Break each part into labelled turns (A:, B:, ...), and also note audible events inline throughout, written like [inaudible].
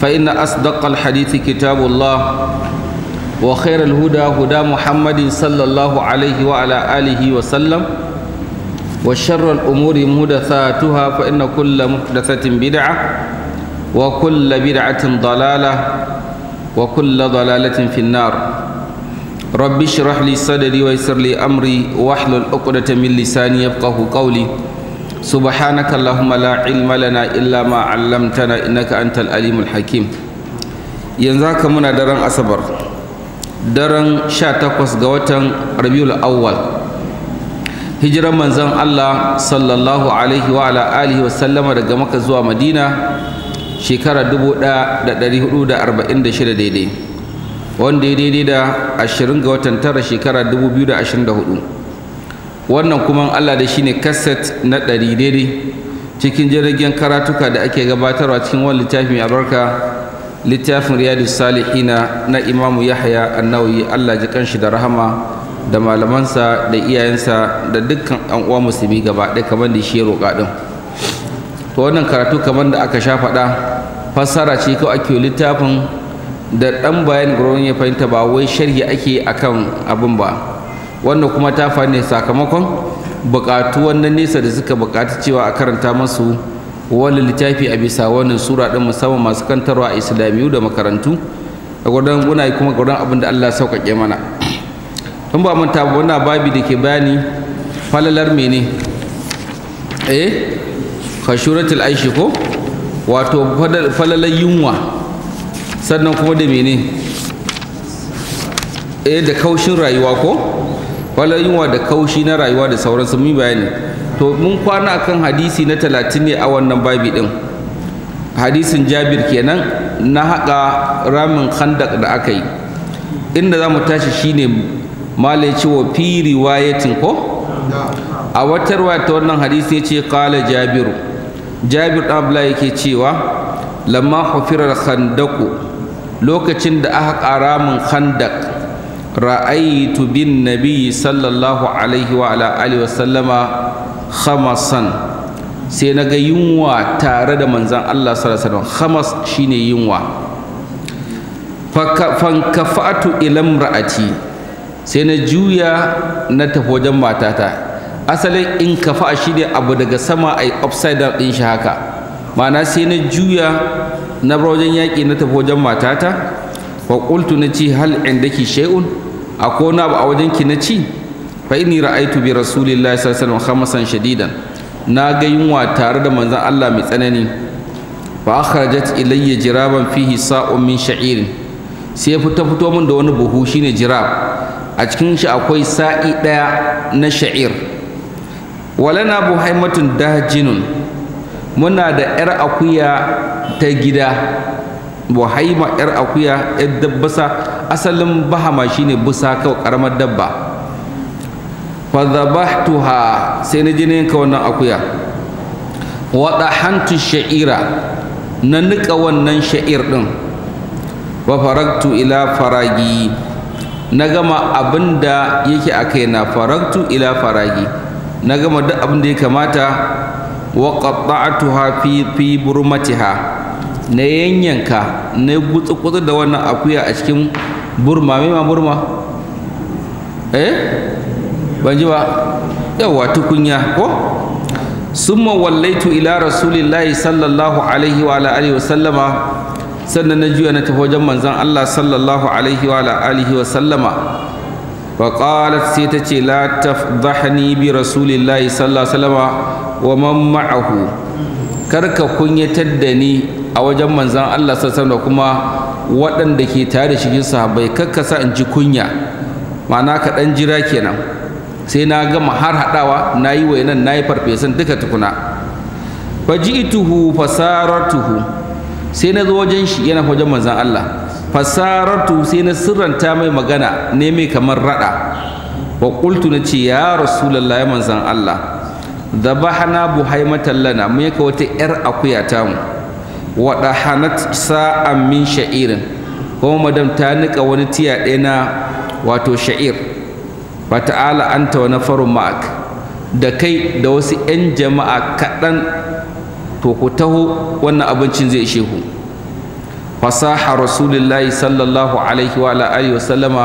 A: فإن أصدق الحديث كتاب الله وخير الهدى هدى محمد صلى الله عليه وعلى آله وسلم وشر الأمور محدثاتها فإن كل محدثة بدعة وكل بدعة ضلالة وكل ضلالة في النار رب اشرح لي صدري ويسر لي أمري واحلل عقدة من لساني يفقه قولي سبحانك اللهم لا علم لنا إلا ما علمتنا إنك أنت الأليم الحكيم ينزاك منا درن أصبر daren 18 ga watan rabiul awwal hijiran manzon Allah sallallahu alaihi wa ala wa sallama daga maka zuwa madina shekara 1446 daidai wanda ya daidai da 20 ga watan tara shekara 2024 wannan kuma Allah da shi ne kaset na ɗari daidai cikin jiragen karatuka da ake gabatarwa cikin wani littafi mai albarka littafin riyadu salihina na imamu Yahaya annawi Allah ji kanshi da rahama da malamansa da iyayensa da dukkan an uwa musulmi gaba ɗaya kamar da shi ya roƙa ɗin to wannan karatu kamar da aka sha faɗa fassara ce kawai ake littafin da ɗan bayan gurin ya fahimta ba wai sharhi ake akan abin ba wannan kuma ta faru ne sakamakon bukatu wannan nesa da suka bukatu cewa a karanta masu wani littafi a bisa wannan sura ɗin musamman masu kantarwa a islamiyu da makarantu a gudun yi kuma gudan abin da Allah sauƙaƙe mana Tun ba manta wannan babi da ke bayani falalar mene eh kashuratul aishi ko wato falalar yunwa sannan kuma da mene eh da kaushin rayuwa ko kwallon yunwa da kaushi na rayuwa da sauransu mun bayani to mun kwana akan hadisi na talatin ne a wannan babi din hadisin jabir kenan na haƙa ramin khandak da aka yi inda za mu tashi shine malai ce wa fi riwayatin ko a wata riwaya ta wannan hadisi ya ce kala jabiru jabir ɗan abla yake cewa lamma hufirar khandaku lokacin da aka ƙara min khandak ra'aytu bin nabi sallallahu alaihi wa ala alihi wasallama khamasan sai na ga yunwa tare da manzan Allah sallallahu alaihi wasallam khamas shine yunwa kafatu ilam ra'ati sai na juya na tafi wajen matata asalin in kafa shine abu daga sama ai upside down din shi haka ma'ana sai na juya na bar wajen yaƙi na tafi wajen matata wa qultu na hal indaki shay'un akwai wani abu a wajen ki na ci fa inni ra'aytu bi rasulillahi sallallahu alaihi wasallam khamsan shadidan na ga yunwa tare da manzon Allah mai tsanani fa akhrajat ilayya jiraban fihi sa'un min sha'irin sai fita fito min da wani buhu shine jirab a cikin shi akwai sa'i daya na sha'ir walana buhaimatun dahjinun muna da yar akuya ta gida buhaima yar akuya yar dabbasa asalin bahama shine busa kawa karamar dabba fa dhabahtuha sai na jinin ka wannan akuya wa dahantu sha'ira na nika wannan sha'ir din wa faragtu ila faragi na gama abin yake a kaina faragtu ila faragi na gama duk abinda ya kamata wa qatta'tuha fi fi burmatiha na yanyanka na gutsu-gutsu da wannan akuya a cikin burma mai ma burma eh ban ji ba yawa tukunya ko summa wallaitu ila rasulillahi sallallahu alaihi wa ala alihi wa sallama sannan na juya na tafi wajen manzon Allah sallallahu alaihi wa ala alihi wa sallama wa qalat sai ta ce la tafdhahni bi rasulillahi sallallahu alaihi wa sallama wa man ma'ahu karka kunyatar da ni a wajen manzan Allah sassan da kuma waɗanda ke tare da shigin sahabbai kakka sa in ji kunya ma'ana ka ɗan jira kenan sai na gama har haɗawa na yi wainan na yi farfesan duka tukuna faji'tuhu fasaratuhu sai na zo wajen shi yana wajen manzan Allah fasaratu sai na sirranta mai magana ne mai kamar raɗa wa kultu na ce ya rasulullahi manzan Allah dabahna buhaimatan lana mun yaka wata yar akuya ta mu wada dahanat sa'an min sha'irin kuma madam ta nika wani tiya ɗaya na wato sha'ir fa ta'ala anta wa nafarun ma'ak da kai da wasu 'yan jama'a kaɗan to ku taho wannan abincin zai ishe ku fasaha rasulullahi sallallahu alaihi wa alihi wa sallama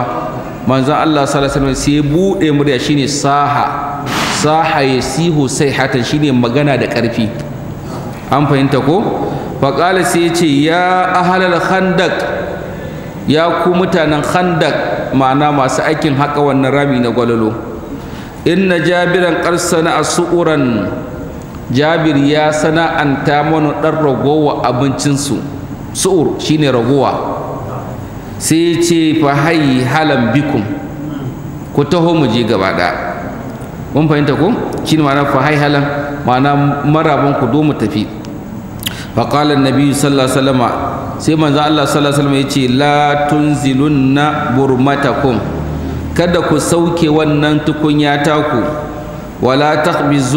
A: Allah sallallahu alaihi wasallam sai bude murya shine saha saha sai shi shine magana da ƙarfi an fahimta ko faƙala sai ya ce ya ahalar khandak ya ku mutanen handak ma'ana masu aikin haƙa wannan rami na gwalolo inna jabiran ƙarsana a su'uran jabir ya sana'anta mana ɗan ragowa abincinsu su'ur shine ragowa sai ya ce fa halan bikum ku taho mu je gaba ɗaya mun fahimta ko ne ma'ana fa haihalan ma'ana maraban ku domin tafi fa qala sallallahu alaihi wasallam sai manzo Allah sallallahu alaihi wasallam yace la tunzilunna burmatakum kada ku sauke wannan tukunya ku wala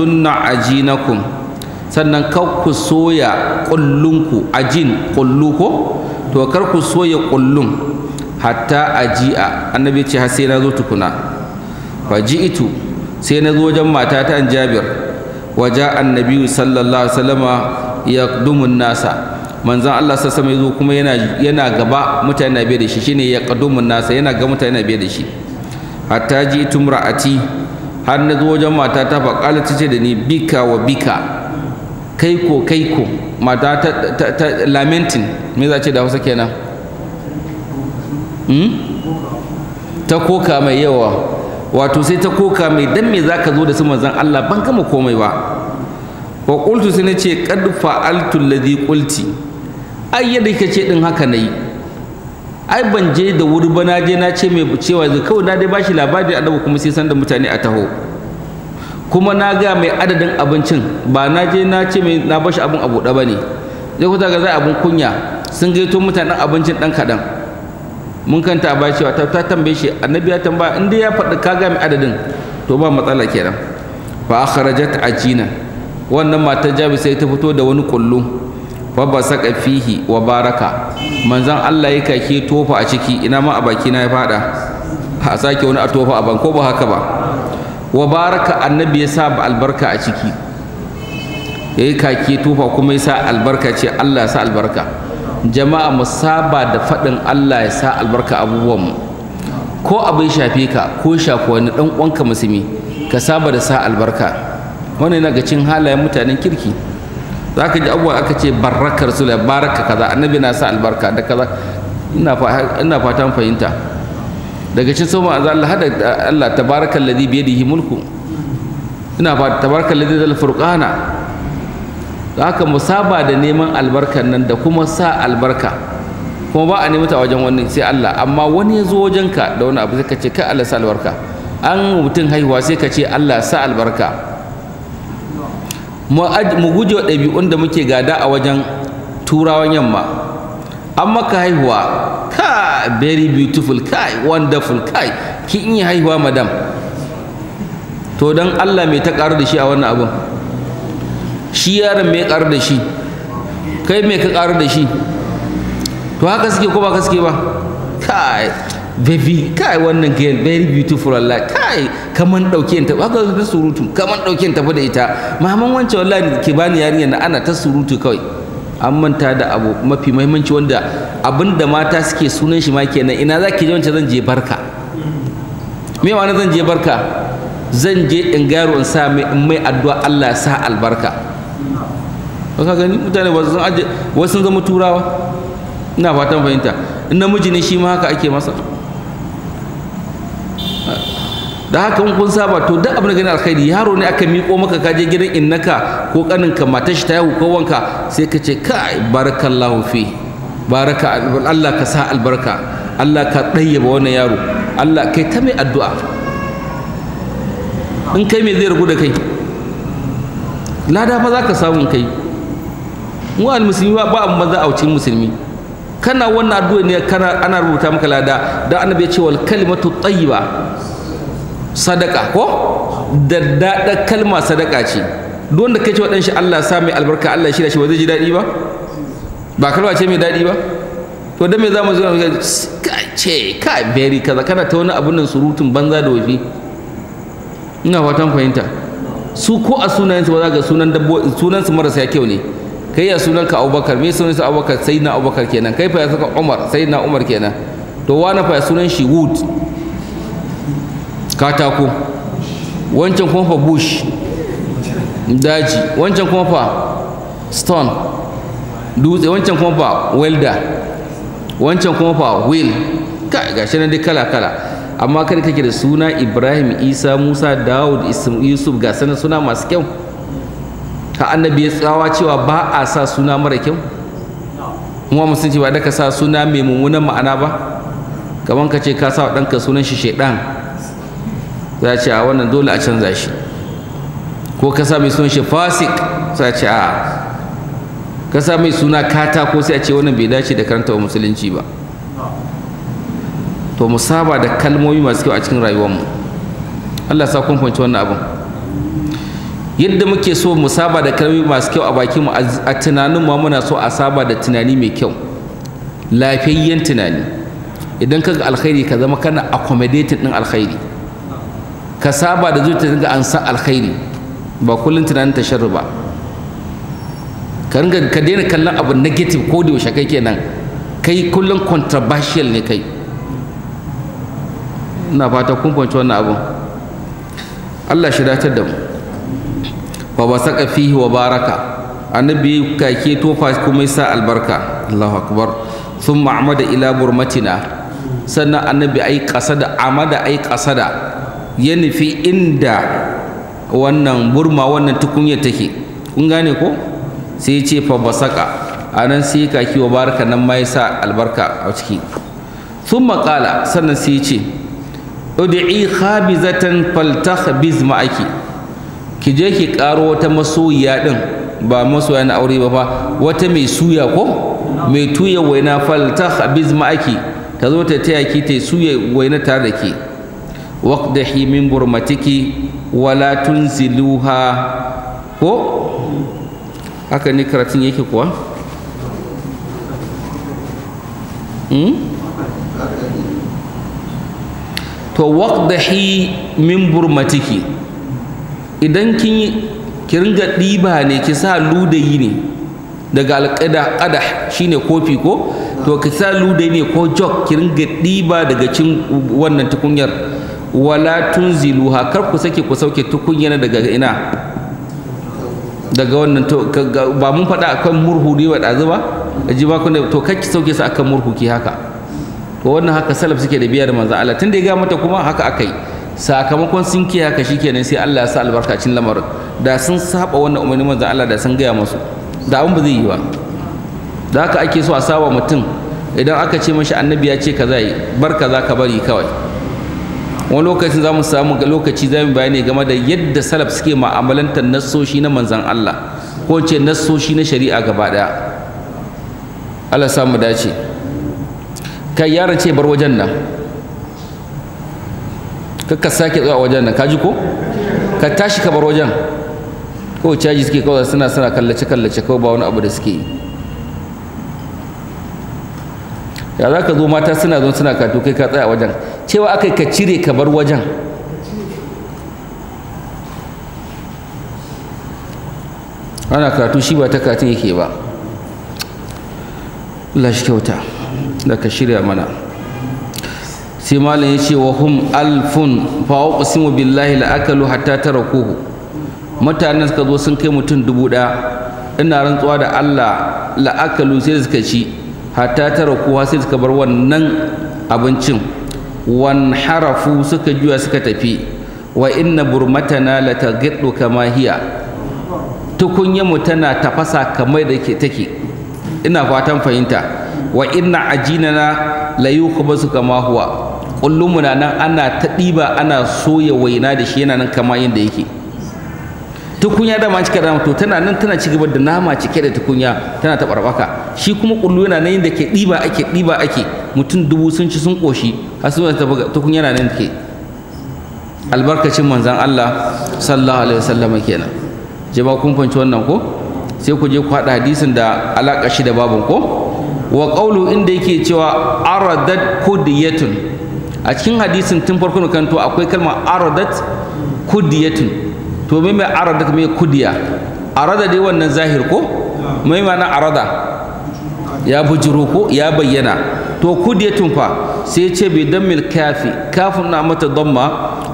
A: na ajinakum sannan kar ku soya kullunku ajin kullu ko to kar ku soya kullun hatta aji'a annabi ya ce har sai na zo tukuna fa ji'itu sai na zo wajen matata an jabir waje annabi sallallahu alaihi ya yaqdumun nasa manzon Allah sassa alaihi wasallam kuma yana yana gaba mutane na biye da shi shine yaqdumun nasa yana ga mutane na biye da shi hatta ji tumra'ati har na zo wajen matata fa qala tace da ni bika wa bika kaiko kaiko mata ta, ta, ta lamentin me za ce da Hausa kenan hmm? ta koka mai yawa wato sai ta koka mai dan me zaka zo da su manzon Allah ban gama komai ba wa qultu sai nace qad fa'altu alladhi qulti ai yadda kace din haka nayi ai ban je da wuri ba na je na ce mai cewa zai kawai na dai bashi labari annabi kuma sai san da mutane a taho kuma na ga mai adadin abincin ba na je na ce mai na bashi abin abu da bane zai kuta ga za abin kunya sun gaito mutanen abincin dan kadan mun kanta ba cewa ta ta tambaye shi annabi ya tambaya in dai ya faɗi ka ga mai adadin to ba matsala kenan fa akhrajat ajina wannan matar jabi sai ta fito da wani kullu fa basaka fihi wa baraka manzon Allah ya kake tofa a ciki ina ma a baki na ya fada a sake wani a tofa a ban ko ba haka ba wa baraka annabi ya sa albarka a ciki yayi kake tofa kuma ya sa albarka ce Allah ya sa albarka jama'a mu saba da faɗin Allah ya sa albarka abubuwan mu ko abin shafe ka ko shafi wani dan uwanka musulmi ka saba da sa albarka wannan yana ga cin halayen mutanen kirki zaka ji abubuwa aka ce barakar su baraka kaza annabi na sa albarka da kaza ina ina fatan fahimta daga cin soma azza Allah hada Allah tabarakal ladhi bi yadihi mulku ina fata tabarakal ladhi zal furqana da haka mu saba da neman albarkan nan da kuma sa albarka kuma ba a nemi ta wajen wani sai Allah amma wani ya zo wajen ka da wani abu sai ka ce ka Allah sa albarka an mutum haihuwa sai ka ce Allah sa albarka mu guje wa ɗabi'un da muke gada a wajen turawan yamma an maka haihuwa ka very beautiful kai wonderful kai kin yi haihuwa madam to don Allah mai ta karu da shi a wannan abun shi yaron mai ƙar da shi kai mai ka ƙar da shi to haka suke ko ba ka suke ba kai baby kai wannan girl very beautiful Allah kai kaman dauke ta haka ta surutu kaman dauke ta da ita mahamman wancan wallahi ke bani yarinya na ana ta surutu kawai an manta da abu mafi muhimmanci wanda abinda mata suke sunan shi ma kenan ina zaki je wancan zan je barka me ma'ana zan je barka zan je in garo in sa mai addu'a Allah ya sa albarka ka gani mutane ba sun aje wasu sun zama turawa ina fatan fahimta in namiji ne shi ma haka ake masa da haka kun saba to duk abin da gani alkhairi yaro ne aka miƙo maka kaje gidan innaka ko kaninka matar shi ta yi ko wanka sai ka ce kai barakallahu fi baraka Allah ka sa albarka Allah ka ɗayyaba wannan yaro Allah kai ta mai addu'a in kai me zai ragu da kai lada fa za ka samu kai mu al musulmi ba ba abin banza a wucin musulmi kana wannan addu'a ne kana ana rubuta maka lada da annabi ya ce wal kalimatu tayyiba sadaka ko da daɗa kalma sadaka ce duk wanda kai ce wa shi Allah sa mai albarka Allah shi shirya shi ba zai ji daɗi ba ba kalma ce mai daɗi ba to da me za mu zo ce ka beri kaza kana ta wani abun nan surutun banza da wafi ina fatan fahimta su ko a su ba za ga sunan dabbo su marasa kyau ne kai ya ka abubakar me su abubakar sai na abubakar kenan kai fa ya suka umar sai na umar kenan to wani fa ya sunan shi wood katako wancan kuma fa bush daji wancan kuma fa stone dutse wancan kuma fa welder wancan kuma fa wheel kai gashi nan dai kala kala amma kada kake da suna ibrahim isa musa dawud yusuf ga sanan suna masu kyau ka annabi ya tsawa cewa ba a sa suna mara kyau kuma sun ce ba da ka sa suna mai mummunan ma'ana ba kamar ka ce ka sa wa ɗanka sunan shi shaidan za ce a wannan dole a canza shi ko ka sa mai sunan shi fasik za ce a ka sa mai suna kata ko sai a ce wannan bai dace da karanta wa musulunci ba to mu saba da kalmomi masu kyau a cikin rayuwarmu Allah sa kun fahimci wannan abin yadda muke so mu saba da kalmomi masu kyau a bakin mu a tunanin mu muna so a saba da tunani mai kyau lafiyayyen tunani idan kaga alkhairi ka zama kana accommodating din alkhairi ka saba da zuciya ga an san alkhairi ba kullun tunanin sharri ba ka ringa ka daina kallon abu negative ko da yaushe kai kenan kai kullun controversial ne kai ina fata kun fahimci wannan abun Allah shi datar da mu wa basaka fihi wa baraka annabi kake tofa kuma sa albarka Allahu akbar thumma amada ila burmatina sannan annabi ai qasada amada ai kasada, ya fi inda wannan burma wannan tukunya take kun gane ko sai ce fa basaka anan sai kaki wa baraka nan ma sa albarka a ciki thumma qala sannan sai ya ce ud'i khabizatan faltakhbiz ma'aki ki je ki karo wata masoyiya ɗin ba masoya na aure ba fa wata mai suya ko mai tuya waina falta habiz ma'aki ta zo ta taya ki ta suya waina tare da ke waqdahi min burmatiki wala tunziluha ko haka ne karatun yake kuwa hmm? to waqdahi min burmatiki idan kin yi ki ringa ɗiba ne ki sa ludayi ne daga alƙada ƙada ne kofi ko to ki sa ludayi ne ko jog ki ringa ɗiba daga cin wannan tukunyar wala tun tunziluha kar ku sake ku sauke tukunyar daga ina daga wannan to ba mun faɗa akan murhu ne wa ɗazu ba ji ba ku to kai ki sauke su akan murhu ki haka to wannan haka salaf suke da biya da manzo Allah tun da ya ga mata kuma haka akai sakamakon sun kiya ka shikenan sai Allah ya sa albarka lamarin da sun saba wannan umarnin manzon Allah da sun gaya musu da abin ba zai yi ba da haka ake so a saba mutum idan aka ce mashi annabi ya ce ka zai bar za ka bari kawai wani lokacin za mu samu lokaci za mu bayani game da yadda salaf suke ma'amalantar nassoshi na manzon Allah ko ce nassoshi na shari'a gaba daya Allah samu dace kai yaron ce bar wajen nan kakka sake zuwa wajen nan kaji ko ka tashi ka bar wajen ko caji suke kawai suna suna kallace kallace kawai ba wani abu da suke yi ya za ka zo mata suna zo suna kato kai ka tsaya wajen cewa aka ka cire ka bar wajen ana karatu shi ba ta katin yake ba Allah shi kyauta da ka shirya mana sai malam ya ce wa hum alfun fa uqsimu billahi la akalu hatta tarakuhu mutanen suka zo sun kai mutum dubu daya ina rantsuwa da Allah la akalu sai suka ci hatta tarakuha sai suka bar wannan abincin wan harafu suka juya suka tafi wa inna burmatana la tagiddu kama hiya tukunyarmu tana tafasa kamar da ke take ina fatan fahimta wa inna ajinana la yukhbasu kama huwa kullum muna nan ana ta ɗiba ana soya waina da shi yana nan kama yadda yake tukunya da ma cike da to tana nan tana ci gaba da nama cike da tukunya tana ta barbaka shi kuma kullu yana nan yadda ke ɗiba ake ɗiba ake mutum dubu sun ci sun koshi har sun ta tukunya na nan ke albarkacin manzan Allah sallallahu alaihi wasallam kenan jama'a kun fanci wannan ko sai ku je ku hada hadisin da alaƙa shi da babun ko wa qawlu inda yake cewa aradat kudiyatun a cikin hadisin tun farkon kanto akwai kalmar aradat kudiyatun to me mai aradat me kudiya arada dai wannan zahir ko mai na arada ya bujiro ko ya bayyana to kudiyatun fa sai ce bi dammil kafi kafin na mata damma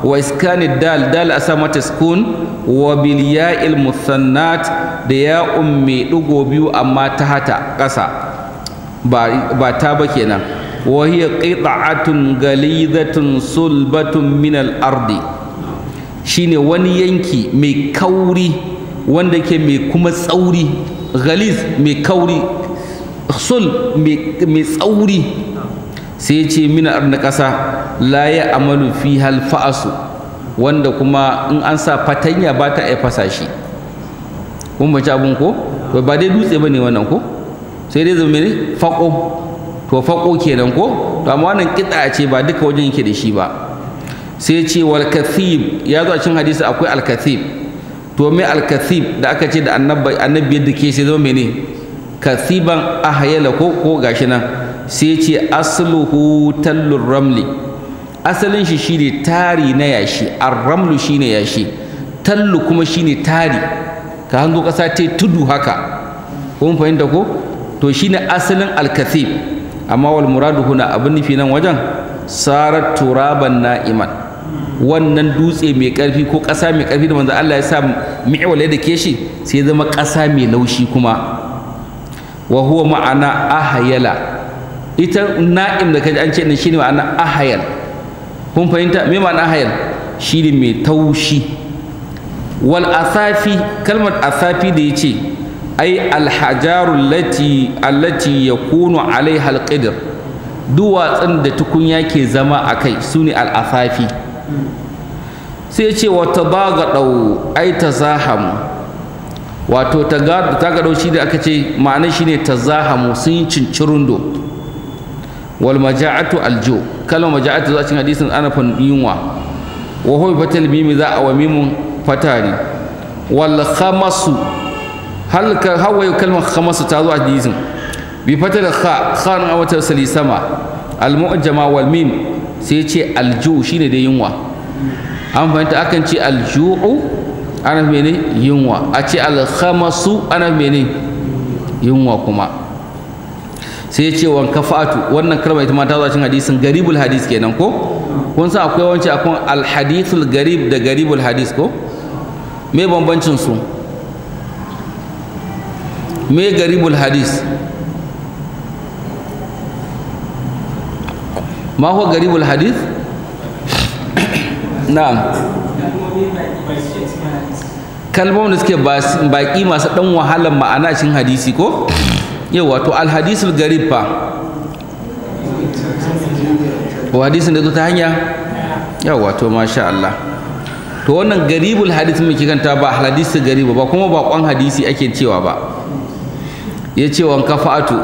A: wa iskani dal dal a sa mata sukun wa bil ya'il musannat da ya ummi digo biyu amma ta hata ƙasa ba ta ba kenan Wahi وهي قطعة غليظة صلبة من الأرض shine wani yanki mai kauri wanda ke mai kuma tsauri galiz mai kauri sul mai tsauri sai ya ce mina na ƙasa la ya amalu fi halfa'asu wanda kuma in an sa fatanya ba ta iya fasa shi kun bace abun ko ba dai dutse ba ne wannan ko sai dai zama ne faƙo ko faƙo kenan ko to amma wannan kida ce ba duka wajen yake da shi ba sai ce wal kathib ya zo a cikin hadisi akwai al kathib to me al kathib da aka ce da annabi annabi yadda ke sai zama mene kathiban ahyala ko ko gashi nan sai ce asluhu tallur ramli asalin shi shine tari na yashi ar-ramlu shine yashi tallu kuma shine tari ka hango kasa ta tudu haka kun fahimta ko to shine asalin al-kathib amma wal muradu huna abin nufi nan wajen sarar turaban na'iman wannan dutse mai karfi ko ƙasa mai karfi da manzo Allah ya sa mi'walai da keshi sai zama ƙasa mai laushi kuma wa huwa ma'ana ahayala ita na'im da kaji an ce ne shine ma'ana ahayal kun fahimta me ma'ana ahayal shine mai taushi wal asafi kalmar asafi da yace ai alhajaru Lati allati yakunu alaiha alqidr duwatsun da tukunya ke zama a kai su ne al'afafi sai ce wata bagaɗau ai ta zahamu wato tagadau shi da aka ce ma'ana shi ne ta zahamu sun yi cincirundo wal maja'atu aljo kalma maja'atu za cin hadisin fa yunwa wa hobi fatal mimi za a wa mimun fatari wal khamasu hal ka hawaye kalmar khamasa ta zo a hadisin bi fatar kha khan a wata sali sama al mu'jama wal mim sai ce alju shine da yunwa an fahimta akan ce alju'u ana mene yunwa a ce alkhamasu ana mene yunwa kuma sai ce wan kafatu wannan kalma ita ma ta zo cikin hadisin garibul hadis kenan ko kun san akwai wancan akwai alhadithul garib da garibul hadis ko me bambancin su me garibul hadis ma huwa garibul hadis [coughs] na'am kalmomin da suke baki masu dan wahalar ma'ana cikin hadisi ko yawa to alhadisul garib fa wa hadisin da zo ta hanya yawa to masha Allah to wannan garibul hadis mun kiganta ba hadisul garib ba kuma ba kwan hadisi ake cewa ba ya ce wanka fa'atu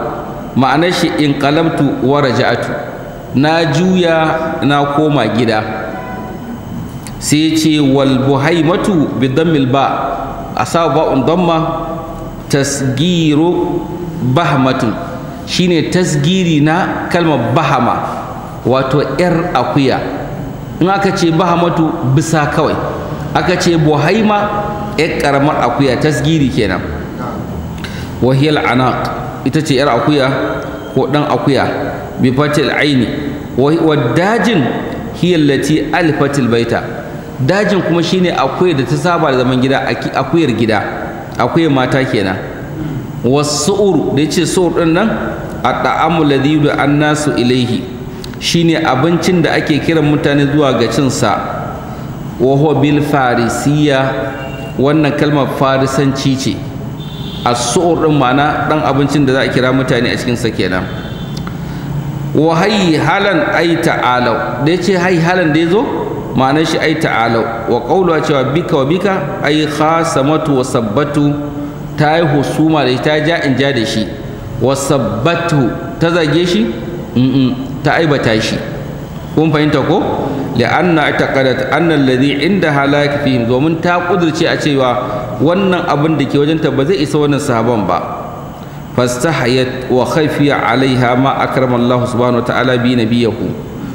A: ma'anar shi in kalamtu wa raja'atu na juya na koma gida sai ya ce wal buhaimatu bi dammil ba asa un damma tasgiru bahmatun shine tasgiri na kalmar bahama wato yar akuya in aka ce bahamatu bisa kawai aka ce buhaima yar karamar akuya tasgiri kenan wahiyar anak ita ce yar akuya ko dan akuya bi fatil aini wa dajin hiya alfatil baita dajin kuma shine akwai da ta saba da zaman gida akuyar gida akuyar mata kenan wasu'ur da ce su'ur ɗin nan at'amu ladhi an nasu ilaihi shine abincin da ake kiran mutane zuwa ga cinsa sa wa bil farisiya wannan kalmar farisanci ce A suur din ma'ana dan abincin da za a kira mutane a cikin sa kenan wa halan ay ta'alu da yace halan da yazo ma'anar shi ay ta'alu wa qawluha cewa bika wa bika ay khasamatu wa sabbatu ta yi husuma da ta ja in da shi wa sabbatu ta zage shi ta aibata shi kun fahimta ko li'anna taqadat anna alladhi inda halaka fihim domin ta kudurce a cewa wannan abin da ke wajenta ba zai isa wannan sabon ba fastahayat wa khafiya alaiha ma akrama Allah subhanahu wataala bi nabiyahu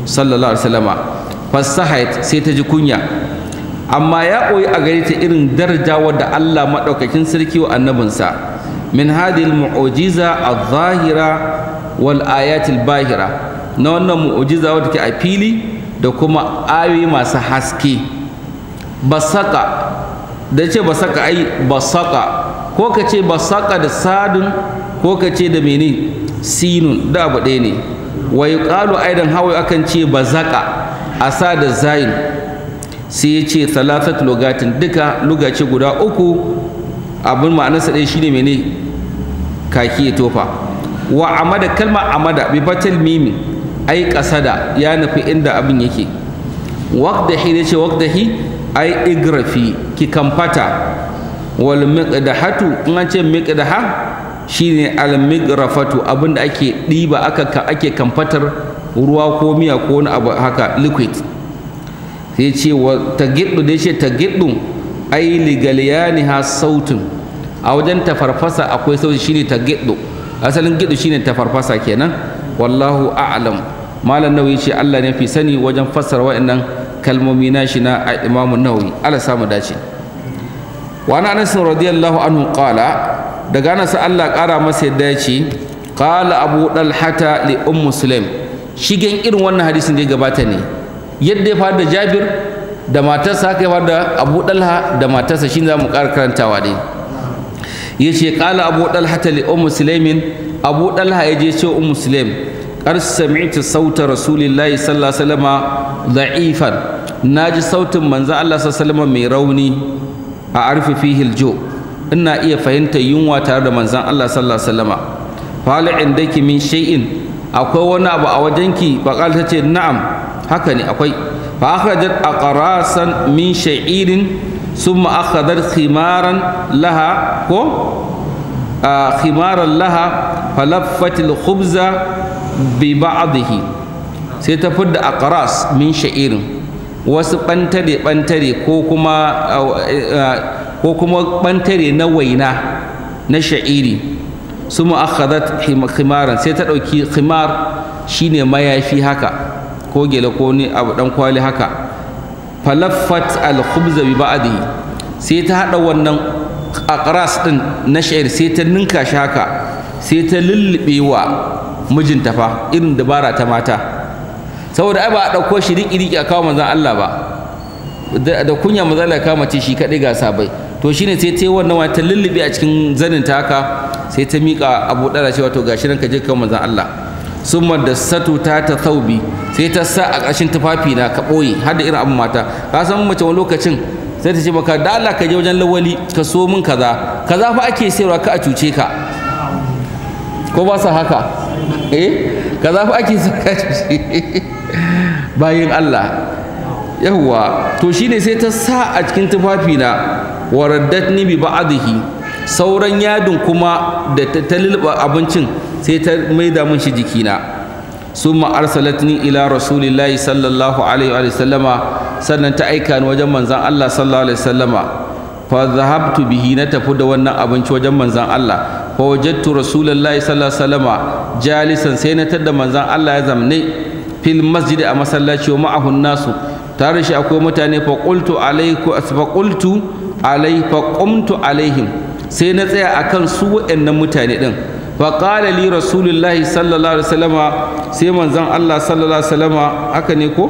A: sallallahu alaihi wasallama fastahayat sai ta ji kunya amma ya koyi a gare ta irin daraja wadda Allah madaukakin sarki wa annabinsa min hadhihi mu'ujiza adh-dhahira wal ayat bahira na wannan mu'ujiza wadda ke a fili da kuma ayoyi masu haske basaka da ce basaka ai basaka ko ka ce basaka da sadun ko ka ce da mene sinun da abu ɗaya ne wa ƙalu aidan hawa akan ce bazaka sa da zayin sai ya ce salasat logatin duka lugaci guda uku abin ma'anarsa ɗaya shine mene kaki ya tofa wa amada kalma amada bi batal mimi ai kasada ya nufi inda abin yake waqdahi ne ce waqdahi ai igrafi ki kamfata wal miqdahatu in an ce miqdaha shine al miqrafatu abinda ake diba aka ake kamfatar ruwa ko miya ko wani abu haka liquid sai ce wa tagiddu dai ce tagiddu ai ha sautun a wajen tafarfasa akwai sauti shine tagiddu asalin gidu shine tafarfasa kenan wallahu a'lam malam nawi ce Allah ne fi sani wajen fassara wa'annan kalmomi shi na imamu nawawi ala samu dace wa ana anas radiyallahu anhu qala daga anas Allah kara masa yadda ya ce qala abu dalhata li um muslim shigen irin wannan hadisin da ya gabata ne yadda ya faru da jabir da matarsa haka ya faru da abu dalha da matarsa shi za mu ƙara karantawa dai ya ce abu dalha ta li'o musulmin abu dalha ya je ce um muslim kar sami'tu sauta rasulillahi sallallahu alaihi wasallama da'ifan naji sautin manzo Allah sallallahu alaihi mai rauni a arfi fihi aljo ina iya fahimtar yunwa tare da manzon Allah sallallahu alaihi wasallama fali indaki min shay'in akwai wani abu a wajenki baqal tace na'am haka ne akwai fa akhrajat aqrasan min sha'irin summa akhadat khimaran laha ko ah, khimaran laha falaffat alkhubza bi ba'dihi sai ta fidda aqras min sha'irin wasu bantare bantare ko kuma bantare eh, eh, na waina na sha'iri su mu'akhadat khimaran sai ta dauki khimar shine mayafi haka ko gele ko ni abu dan kwali haka falaffat al-khubza bi ba'dihi sai ta hada wannan aqras din na sha'ir sai ta ninka shi haka sai ta lullube wa mijinta fa irin dabara ta mata saboda ai ba a ɗauko shi riki-riki a kawo manzon Allah ba da kunya manzon Allah kama ce shi kaɗai ga sabai to shine sai ta yi wannan wani ta lullube a cikin zanin ta haka sai ta miƙa abu ɗara cewa to gashi ranka je kawo manzon Allah summa da satu ta ta thaubi sai ta sa a ƙarshen tufafi na ka ɓoye har da irin abin mata ka san mace wani lokacin sai ta ce maka da Allah ka je wajen lawali ka so min kaza kaza fa ake sayarwa ka a cuce ka ko ba sa haka eh kaza fa ake zakaci bayan Allah yawwa to shine sai ta sa a cikin tufafina waraddatni bi ba'dihi sauran yadin kuma da ta lulba abincin sai ta maida mun shi jikina summa arsalatni ila rasulillahi sallallahu alaihi wa sallama sannan ta aika ni wajen manzon Allah sallallahu alaihi wa sallama fa zahabtu bihi na tafi da wannan abinci wajen manzan Allah fa wajadtu rasulullahi sallallahu alaihi wasallama jalisan sai na tada manzan Allah ya zamne fil masjid a masallaci wa ma'ahu nasu tare shi akwai mutane fa qultu alaiku fa qultu alai fa qumtu alaihim sai na tsaya akan su waɗannan mutane din fa qala li rasulullahi sallallahu alaihi wasallama sai manzan Allah sallallahu alaihi wasallama haka ne ko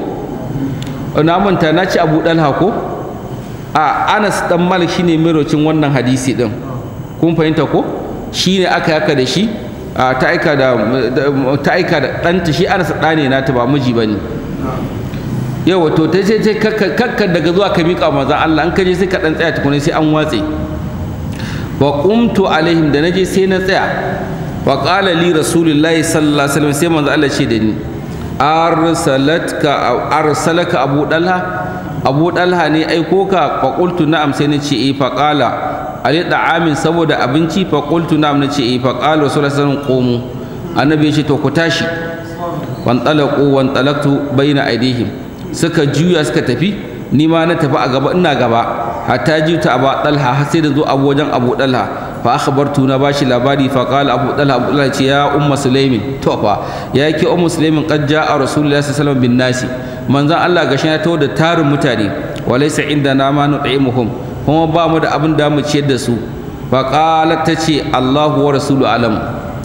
A: na manta na ci Abu Dalha ko a Anas dan Malik shine mirocin wannan hadisi din kun fahimta ko shine aka yaka da shi ta aika da ta aika da ɗanta shi Anas ɗa ne nata ba miji bane yawa to ta je kakkar daga zuwa ka miƙa manzon Allah an kaje sai ka dan tsaya tukuna sai an watse wa qumtu alaihim da naje sai na tsaya wa qala li rasulullahi sallallahu alaihi wasallam sai manzon Allah ce da ni arsalatka arsalaka abu dalha abu dalha ne aiko ka faƙultu na'am sai na ce eh faƙala ali da'amin saboda abinci faƙultu na'am na ce eh faƙala rasulullah sallallahu alaihi wasallam qumu annabi ya ce to ku tashi wantalaqu bai na aidihim suka juya suka tafi ni ma na tafi a gaba ina gaba hatta ji ta aba dalha har sai da zo abu wajen abu dalha fa akhbartu na shi labari fa qala abu dalha abu dalha ce ya ummu sulaimin to fa ya ke ummu sulaimin qad jaa rasulullahi sallallahu alaihi wasallam bin nasi manzon Allah gashi ya tawo da tarin mutane walaysa indana ma nut'imuhum kuma ba mu da abin da mu ciyar da su fa qalat tace Allahu wa rasulu alam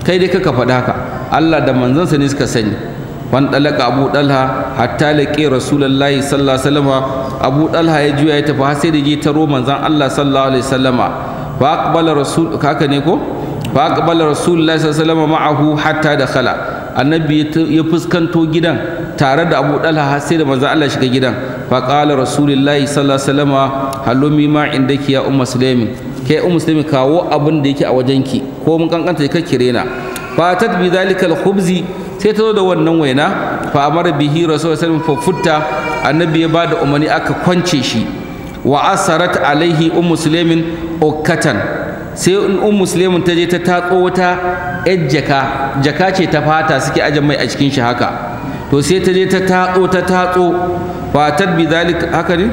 A: kai dai kaka faɗa haka Allah da sa ne suka sani wan dalaka Abu Dalha hatta laqi Rasulullahi sallallahu alaihi wasallam Abu Dalha ya juya ya tafi har sai da je taro manzon Allah sallallahu alaihi wasallama fa aqbala rasul kaka ne ko fa aqbala Rasulullahi sallallahu alaihi wasallama ma'ahu hatta dakhala annabi ya fuskanto gidan tare da Abu Dalha har sai da manzon Allah shiga gidan fa ƙala rasulullahi sallallahu alaihi wa halumi ma indaki ya ummu sulaimi kai ummu sulaimi kawo abin da yake a wajenki ko mun kankanta kai kirena fatat bi zalikal khubzi sai ta zo da wannan waina fa amara bihi rasulullahi sallallahu alaihi futta annabi ya bada umarni aka kwance shi wa asarat alaihi ummu sulaimin ukatan sai in un musulmin ta je ta tatso wata yar jaka jaka ce ta fata suke aje mai a cikin shi haka to sai ta je ta tatso ta tatso fa tadbi zalika haka ne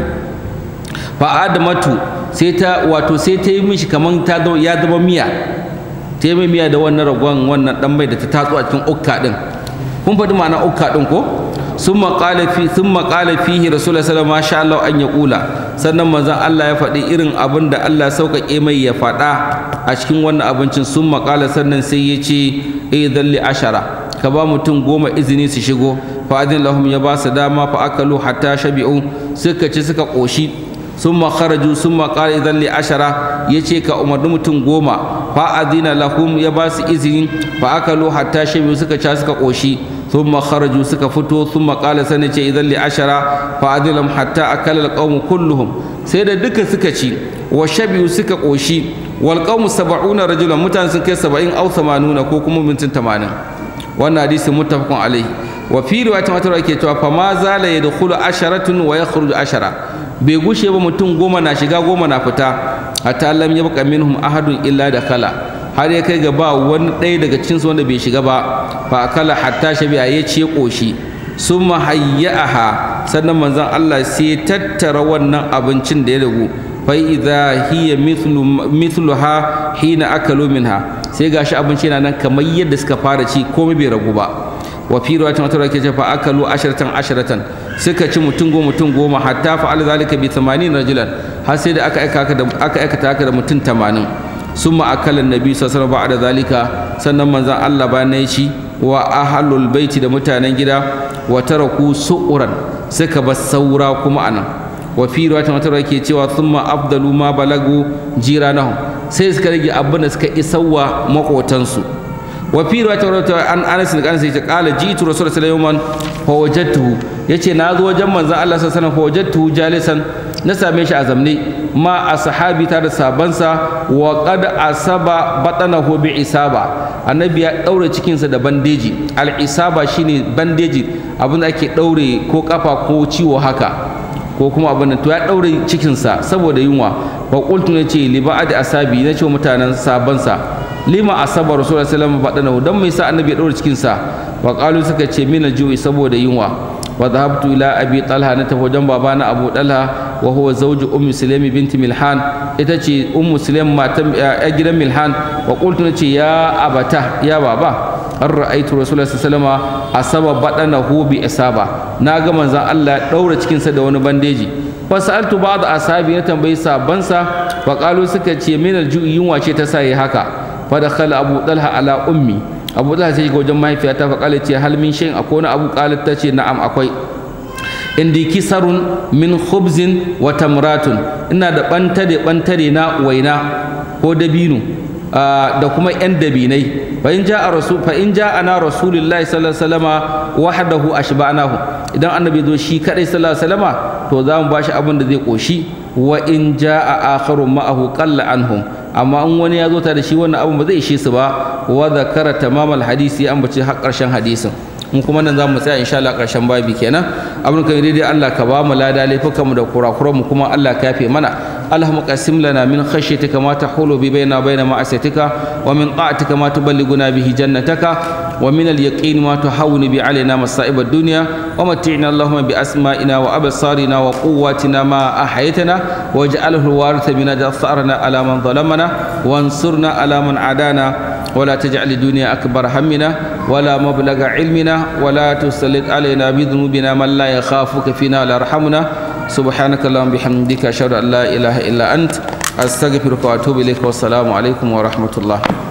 A: fa adamatu sai ta wato sai ta yi mishi kaman ta ya zama miya ta yi miya da wannan ragon wannan dan mai da ta tatso a cikin ukka din kun faɗi ma'ana ukka din ko Sun qala fi thumma qala fihi rasul sallallahu alaihi wasallam an ya kula sannan manzon Allah ya faɗi irin abin da Allah sauƙaƙe mai ya faɗa a cikin wannan abincin sun qala sannan sai ya ce idan eh, li ashara ka ba mutum goma izini su shigo fa adin lahum ya ba su dama fa akalu hatta shabi'u suka ci suka ƙoshi summa kharaju summa qala idan li ashara ce ka umarni mutum goma fa adina lahum ya ba su izini fa akalu hatta shabi suka ca suka koshi sun makaraju suka fito thumma qala sani ce idan li ashara fa adilam hatta akala alqawm kulluhum sai da duka suka ci wa shabi suka koshi wal qawmu 70 rajulan mutane sun kai 70 aw 80 ko kuma mutum tamanin. wannan hadisi muttafaqun alaihi wa fi riwayati matar ke cewa fa ma zala yadkhulu asharatun wa yakhruju ashara bai gushe ba mutum goma na shiga goma na fita a lam yabqa minhum ahadun illa da kala har ya kai ga ba wani ɗaya daga cikin wanda bai shiga ba fa kala hatta shabi ya ce koshi summa hayyaha sannan manzon Allah sai tattara wannan abincin da ya ragu fa idza hiya mithlu mithluha hina akalu minha sai gashi abinci yana nan kamar yadda suka fara ci komai bai ragu ba wa fi ruwatin wata rake ce fa akalu asharatan asharatan suka ci mutum goma mutum goma hatta fa al zalika bi 80 rajulan har sai da aka aika da aka aikata haka da mutum 80 summa akala annabi sallallahu alaihi wasallam da zalika sannan manzan Allah ba ne shi wa ahlul baiti da mutanen gida wa taraku su'uran suka bar saura kuma anan wa fi ruwatin wata rake cewa summa afdalu ma balagu jiranahum sai suka rage abin da suka isawa makotansu wa fi riwayat an Anas bin sai ce kala ji'tu rasul sallallahu alaihi wasallam yace na zo wajen manzon Allah sallallahu alaihi wasallam fa jalisan na same shi a zamne ma a sahabi ta da sabansa wa qad asaba batanahu bi isaba annabi ya daure cikinsa da bandeji al isaba shine bandeji abin ake daure ko kafa ko ciwo haka ko kuma abin da to ya daure cikinsa saboda yunwa fa qultu nace li ba'd asabi nace mutanen sabansa lima asaba rasulullahi sallallahu alaihi wasallam faɗa dan me yasa annabi ya ɗora cikin sa wa qalu suka ce mina ju'i saboda yunwa wa dhahabtu ila abi talha na tafi wajen babana abu talha wa huwa zawju ummi sulaimi binti milhan ita ce ummu sulaim matan ya gidan milhan wa qultu nace ya abata ya baba an ra'aitu rasulullahi sallallahu alaihi asaba badanahu bi isaba na ga manzon Allah ya daura cikin sa da wani bandeji fa sa'altu ba'd ashabi na tambayi sabansa wa qalu suka ce min al-ju'i yunwa ce ta sai haka fa dakhala abu talha ala ummi abu talha sai ga wajen mahaifiyata fa kala ce hal min shay'in akwai wani abu qalat ta ce na'am akwai indi kisarun min khubzin wa tamratun ina da bantare bantare na waina ko da kuma ƴan dabinai fa in ja'a rasul fa in ja'a na rasulullahi sallallahu alaihi wasallama wahdahu ashba'nahu idan annabi zo shi kadai sallallahu alaihi wasallama to za mu bashi abin da zai koshi wa in ja'a akharun ma'ahu qalla anhum amma in wani ya zo ta da shi wannan abin ba zai ishe su ba wa zakara tamamal hadisi an bace har ƙarshen hadisin in kuma nan za mu tsaya insha Allah ƙarshen babi kenan abin kan daidai Allah ka ba mu lada laifukanmu da kurakuranmu kuma Allah ka yafe mana اللهم قسم لنا من خشيتك ما تحول بيننا وبين معصيتك ومن طاعتك ما تبلغنا به جنتك ومن اليقين ما تحول بعلينا مصائب الدنيا ومتعنا اللهم بأسمائنا وأبصارنا وقواتنا ما أحيتنا واجعله الوارث منا جثارنا على من ظلمنا وانصرنا على من عادانا ولا تجعل الدنيا أكبر همنا ولا مبلغ علمنا ولا تسلط علينا بذنوبنا من لا يخافك فينا ولا يرحمنا سبحانك اللهم بحمدك أشهد أن لا إله إلا أنت أستغفرك وأتوب إليك والسلام عليكم ورحمة الله